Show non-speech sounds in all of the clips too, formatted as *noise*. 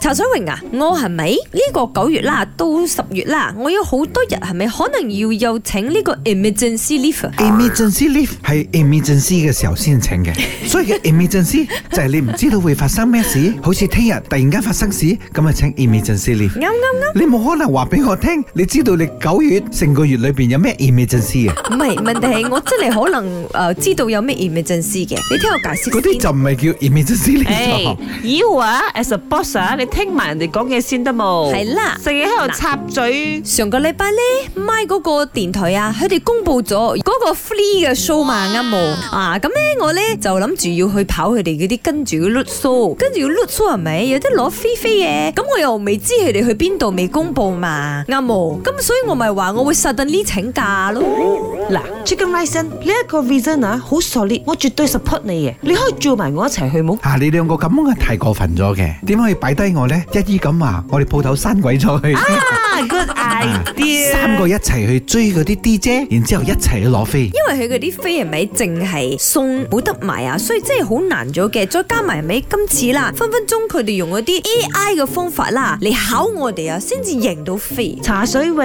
查水榮啊，我係咪呢個九月啦到十月啦，我有好多日係咪可能要又請呢個 leave、啊、emergency leave？emergency leave 係 emergency 嘅時候先請嘅，所以 emergency *laughs* 就係你唔知道會發生咩事，好似聽日突然間發生事咁啊，請 emergency leave。啱啱啱，你冇可能話俾我聽，你知道你九月成個月裏邊有咩 emergency 啊？唔係，問題係我真係可能誒、呃、知道有咩 emergency 嘅，你聽我解釋。嗰啲就唔係叫 emergency leave，hey，。誒，you 啊，as a boss 啊，你。聽埋人哋講嘢先得冇，係啦，成日喺度插嘴。上個禮拜咧，MY 嗰個電台啊，佢哋公布咗嗰個 free 嘅 show 嘛，啱冇啊？咁咧我咧就諗住要去跑佢哋嗰啲跟住嘅 show，跟住要 show 係咪？有啲攞飛飛嘅，咁我又未知佢哋去邊度未公布嘛，啱、啊、冇？咁所以我咪話我會 suddenly 請假咯。嗱 chicken reason 呢一個 reason 啊，好、啊、solid，我絕對 support 你嘅，你可以做埋我一齊去冇？啊，你兩個咁樣係太過分咗嘅，點可以擺低我？我咧 *music* 一於咁話，我哋鋪頭閂鬼咗去、啊。Good idea. 啊、三個一齊去追嗰啲 DJ，然之後一齊去攞飛。因為佢嗰啲飛係咪淨係送冇得買啊？所以真係好難做嘅。再加埋咪今次啦，分分鐘佢哋用嗰啲 AI 嘅方法啦，嚟考我哋啊，先至贏到飛。茶水泳、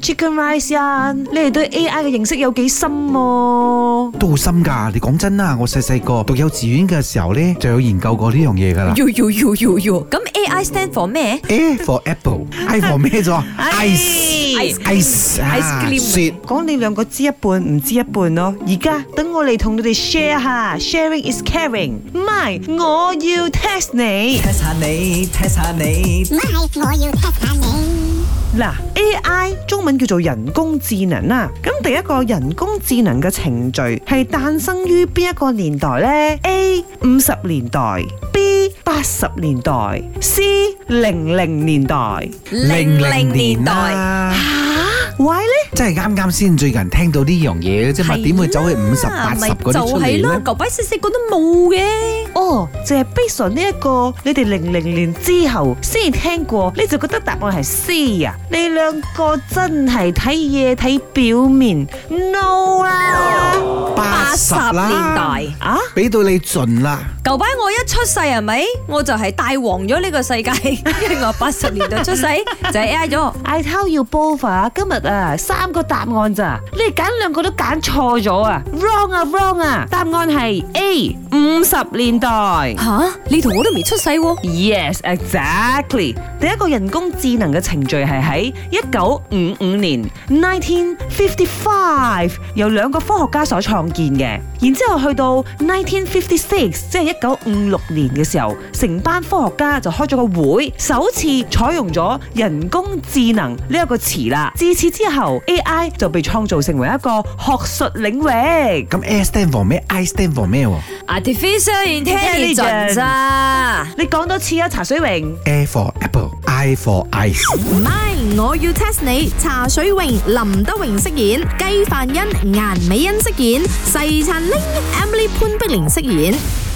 Chicken Rice 啊，你哋對 AI 嘅認識有幾深啊？都好深噶。你講真啦，我細細個讀幼稚園嘅時候咧，就有研究過呢樣嘢噶啦。咁 AI stand for 咩？A for Apple，I *laughs* for 咩 what? *laughs* Ice，ice，ice cream。講你兩個知一半，唔知一半咯。而家等我嚟同你哋 share 下，sharing is caring。My，我要 test 你。test 下你，test 下你。My，我要 test 下你。嗱，AI 中文叫做人工智能啊。咁第一個人工智能嘅程序係誕生於邊一個年代呢？A 五十年代。B 八十年代，C 零零年代，零零年代啊！吓，喂咧，真係啱啱先最近聽到呢樣嘢，即係點會走去五十八十嗰啲出嚟咧？各位，細細覺得冇嘅哦，淨係 basic 呢一個，你哋零零年之後先聽過，你就覺得答案係 C 啊？你兩個真係睇嘢睇表面。八十年代啊，俾到你盡啦！舊擺，我一出世係咪我就係大王咗呢個世界？因為我八十年代出世就係 I 咗。I tell you both，今日啊三個答案咋？你哋揀兩個都揀錯咗啊！Wrong 啊，wrong 啊！答案係 A，五十年代吓？你同我都未出世喎。Yes，exactly。第一個人工智能嘅程序係喺一九五五年 （nineteen fifty-five） 由兩個科學家所創建嘅。然之後去到1956，即係一九五六年嘅時候，成班科學家就開咗個會，首次採用咗人工智能呢一個詞啦。自此之後，AI 就被創造成為一個學術領域。咁 AI stand for 咩？I stand for 咩？Artificial Intelligence 啊？你講多次啊，茶水榮。A for Apple。MY，我要 test 你。茶水榮、林德榮飾演，雞飯欣、顏美欣飾演，細陳呢，Emily 潘碧玲飾演。